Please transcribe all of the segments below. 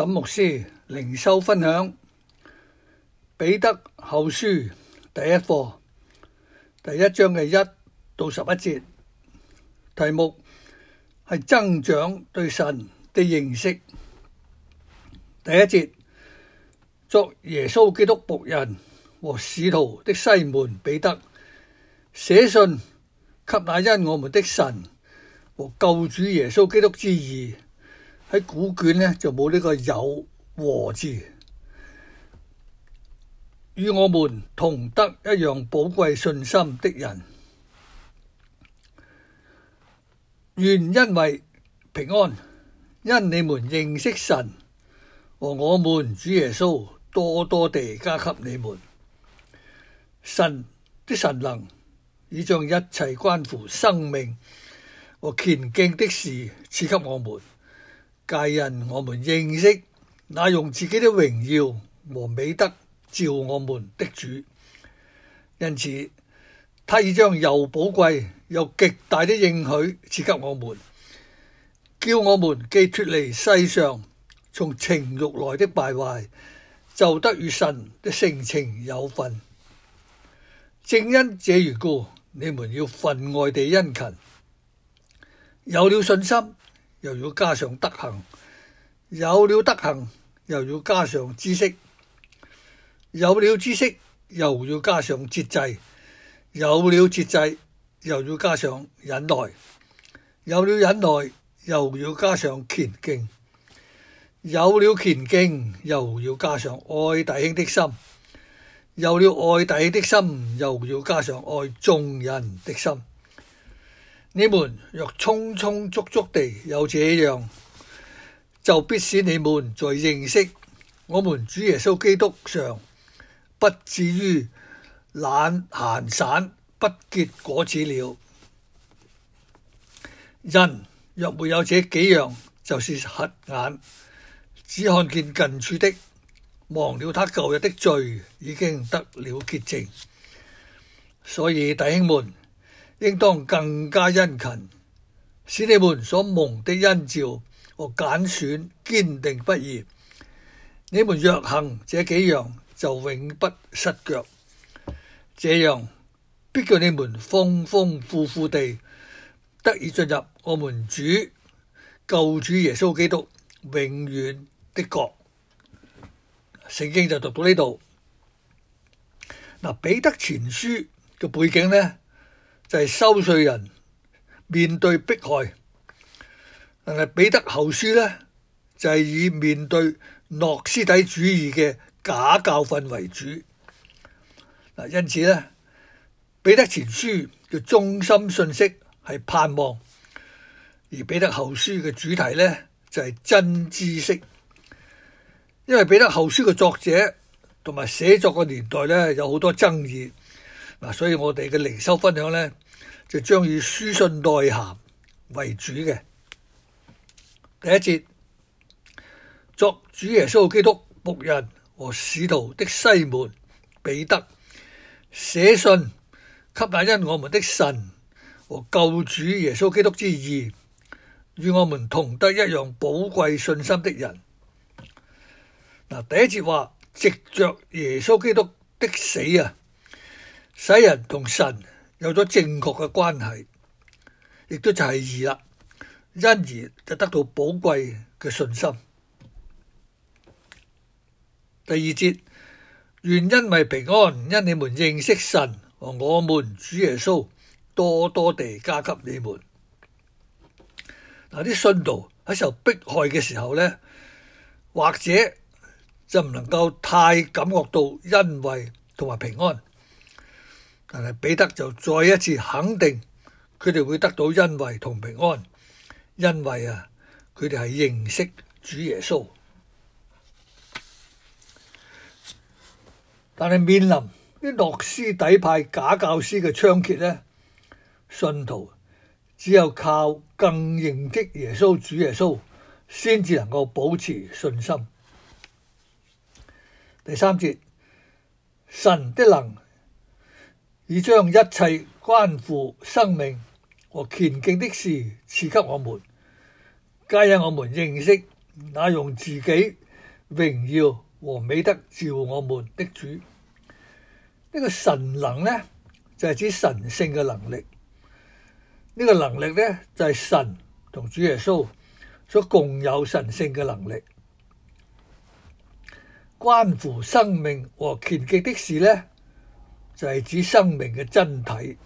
沈牧師靈修分享《彼得後書》第一課，第一章嘅一到十一節，題目係增長對神的認識。第一節，作耶穌基督僕人和使徒的西門彼得寫信給那因我們的神和救主耶穌基督之義。喺古卷呢，就冇呢個有和字，與我們同得一樣寶貴信心的人，願恩惠、平安，因你們認識神和我，我們主耶穌，多多地加給你們神的神能，已將一切關乎生命和虔敬的事賜給我們。皆因，我們認識那用自己的榮耀和美德召我們的主，因此他已將又寶貴又極大的應許賜給我們，叫我們既脫離世上從情欲來的敗壞，就得與神的性情有份。正因這緣故，你們要分外地殷勤，有了信心。又要加上德行，有了德行又要加上知識，有了知識又要加上節制，有了節制又要加上忍耐，有了忍耐又要加上虔敬，有了虔敬又要加上愛弟兄的心，有了愛弟兄的心又要加上愛眾人的心。你們若充充足足地有這樣，就必使你們在認識我們主耶穌基督上，不至於懶閒散不結果子了。人若沒有這幾樣，就是瞎眼，只看見近處的，忘了他舊日的罪已經得了潔淨。所以弟兄們。應當更加殷勤，使你們所蒙的恩召和揀選堅定不移。你們若行這幾樣，就永不失腳。這樣必叫你們豐豐富富地得以進入我們主救主耶穌基督永遠的國。聖經就讀到呢度。嗱，彼得前書嘅背景呢？就係收稅人面對迫害，但係彼得後書呢，就係、是、以面對諾斯底主義嘅假教訓為主，嗱，因此呢，彼得前書嘅中心信息係盼望，而彼得後書嘅主題呢，就係、是、真知識。因為彼得後書嘅作者同埋寫作嘅年代呢，有好多爭議。嗱，所以我哋嘅靈修分享呢，就將以書信內涵為主嘅。第一節，作主耶穌基督僕人和使徒的西門彼得寫信給乃因我們的神和救主耶穌基督之義，與我們同得一樣寶貴信心的人。嗱，第一節話藉着耶穌基督的死啊，使人同神有咗正確嘅關係，亦都就係二啦，因而就得到寶貴嘅信心。第二節，願因為平安，因你們認識神和我們主耶穌多多地加給你們。嗱，啲信徒，喺受迫害嘅時候呢，或者就唔能夠太感覺到恩惠同埋平安，但係彼得就再一次肯定，佢哋會得到恩惠同平安，因為啊，佢哋係認識主耶穌。但係面臨啲諾斯底派假教師嘅猖獗呢，信徒只有靠更認識耶穌主耶穌，先至能夠保持信心。第三節，神的能。已將一切關乎生命和虔敬的事賜給我們，皆因我們認識那用自己榮耀和美德照我們的主。呢個神能呢，就係指神聖嘅能力。呢個能力呢，就係神同主耶穌所共有神聖嘅能力。關乎生命和虔敬的事呢，就係指生命嘅真體，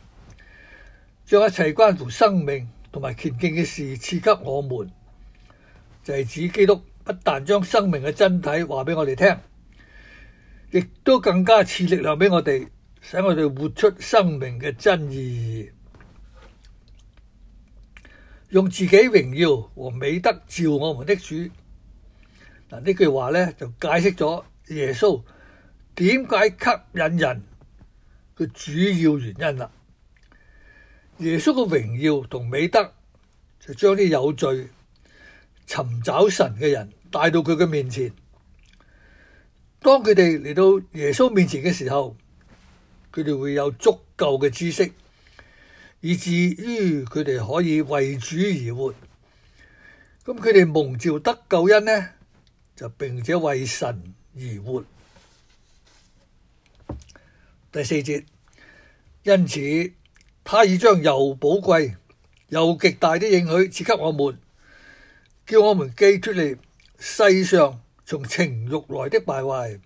將一切關乎生命同埋虔敬嘅事賜給我們。就係指基督不但將生命嘅真體話俾我哋聽，亦都更加賜力量俾我哋，使我哋活出生命嘅真意義，用自己榮耀和美德照我們的主。嗱，呢句話呢，就解釋咗耶穌點解吸引人。個主要原因啦，耶穌嘅榮耀同美德就將啲有罪尋找神嘅人帶到佢嘅面前。當佢哋嚟到耶穌面前嘅時候，佢哋會有足夠嘅知識，以至於佢哋可以為主而活。咁佢哋蒙召得救恩呢，就並且為神而活。第四節，因此他已將又寶貴又極大的應許賜給我們，叫我們既脫離世上從情欲來的敗壞，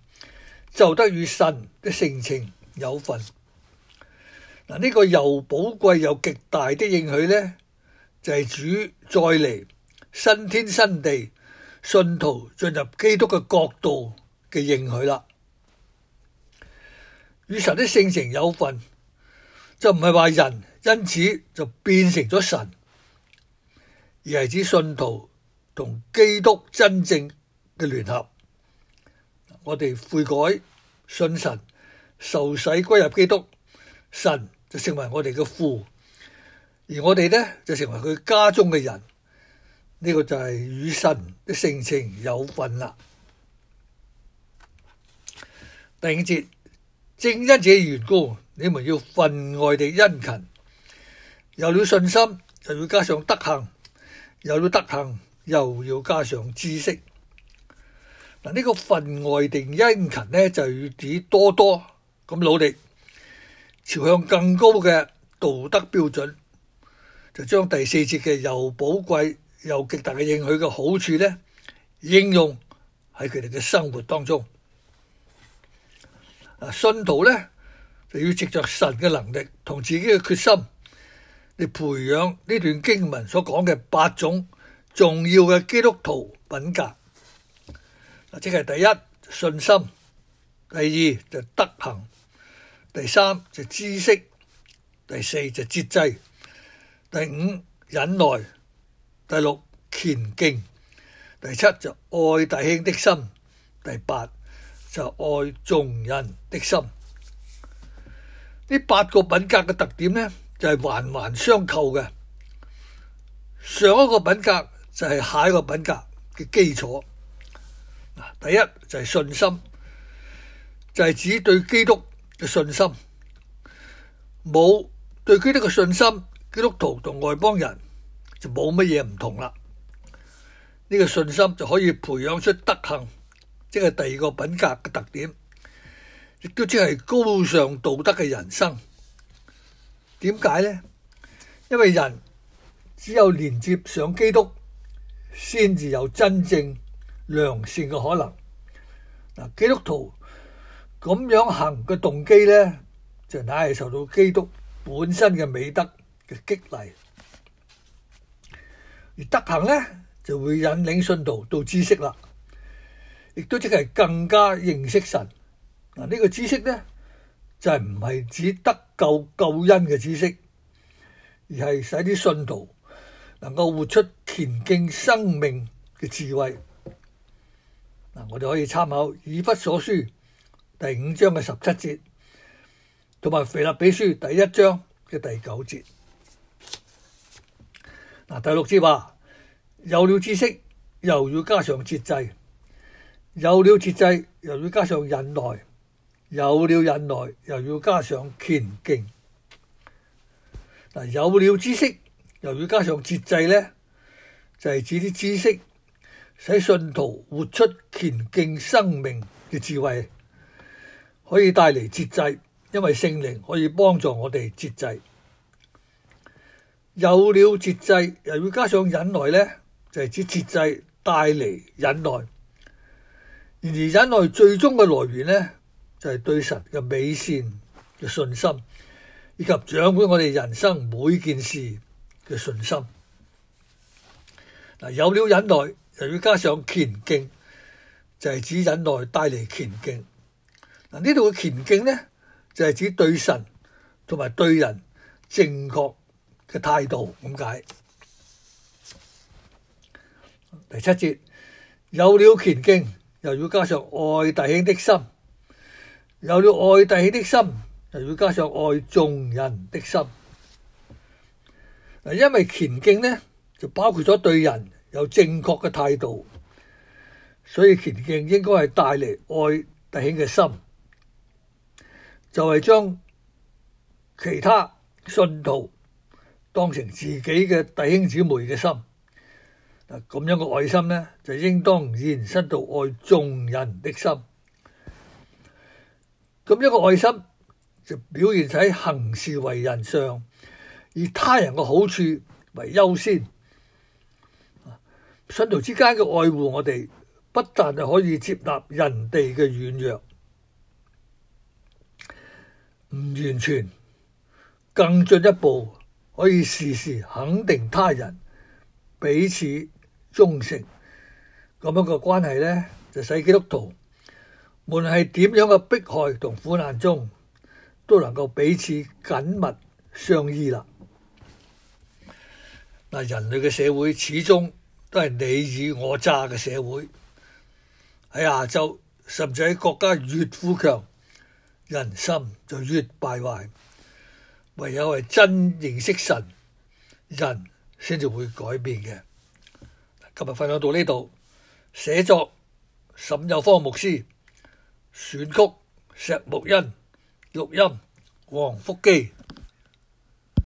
就得與神的性情有份。嗱，呢個又寶貴又極大的應許呢，就係主再嚟新天新地，信徒進入基督嘅國度嘅應許啦。與神的性情有份，就唔係話人因此就變成咗神，而係指信徒同基督真正嘅聯合。我哋悔改信神，受洗歸入基督，神就成為我哋嘅父，而我哋呢就成為佢家中嘅人。呢、這個就係與神的性情有份啦。第二節。正因這緣故，你們要分外地殷勤。有了信心，又要加上德行；有了德行，又要加上知識。嗱，呢個分外地殷勤呢，就要指多多咁努力，朝向更高嘅道德標準，就將第四節嘅又寶貴又極大嘅應許嘅好處呢，應用喺佢哋嘅生活當中。信徒咧，就要借着神嘅能力同自己嘅決心嚟，培養呢段經文所講嘅八種重要嘅基督徒品格。嗱，即係第一信心，第二就德行，第三就知識，第四就節制，第五忍耐，第六虔敬，第七就愛弟兄的心，第八。就愛眾人的心。呢八個品格嘅特點呢，就係環環相扣嘅。上一個品格就係下一個品格嘅基礎。第一就係信心，就係指對基督嘅信心。冇對基督嘅信心，基督徒同外邦人就冇乜嘢唔同啦。呢個信心就可以培養出德行。即係第二個品格嘅特點，亦都即係高尚道德嘅人生。點解呢？因為人只有連接上基督，先至有真正良善嘅可能。嗱，基督徒咁樣行嘅動機呢，就乃係受到基督本身嘅美德嘅激勵。而德行呢，就會引領信徒到知識啦。亦都即係更加認識神。嗱，呢、呢個知識呢，就係唔係指得救救恩嘅知識，而係使啲信徒能夠活出虔敬生命嘅智慧。嗱，我哋可以參考《以弗所書》第五章嘅十七節，同埋《腓立比書》第一章嘅第九節嗱。第六節話：有了知識，又要加上節制。有了節制，又要加上忍耐；有了忍耐，又要加上虔敬。啊，有了知識，又要加上節制呢就係指啲知識使信徒活出虔敬生命嘅智慧，可以帶嚟節制，因為聖靈可以幫助我哋節制。有了節制，又要加上忍耐呢就係指節制帶嚟忍耐。然而忍耐最終嘅來源呢，就係對神嘅美善嘅信心，以及掌管我哋人生每件事嘅信心。嗱，有了忍耐，又要加上虔敬，就係指忍耐帶嚟虔敬。嗱，呢度嘅虔敬呢，就係指對神同埋對人正確嘅態度，咁解。第七節，有了虔敬。又要加上愛弟兄的心，有了愛弟兄的心，又要加上愛眾人的心。因為虔敬呢，就包括咗對人有正確嘅態度，所以虔敬應該係帶嚟愛弟兄嘅心，就係將其他信徒當成自己嘅弟兄姊妹嘅心。咁樣嘅愛心呢，就應當延伸到愛眾人的心。咁樣嘅愛心就表現喺行事為人上，以他人嘅好處為優先。信徒之間嘅愛護我，我哋不但可以接納人哋嘅軟弱、唔完全，更進一步可以時時肯定他人，彼此。忠誠，咁樣嘅關係呢，就使基督徒無論係點樣嘅迫害同苦難中，都能夠彼此緊密相依啦。嗱，人類嘅社會始終都係你以我詐嘅社會。喺亞洲甚至喺國家越富強，人心就越敗壞。唯有係真認識神，人先至會改變嘅。今日分享到呢度，寫作沈有芳牧師，選曲石木欣，錄音黃福基。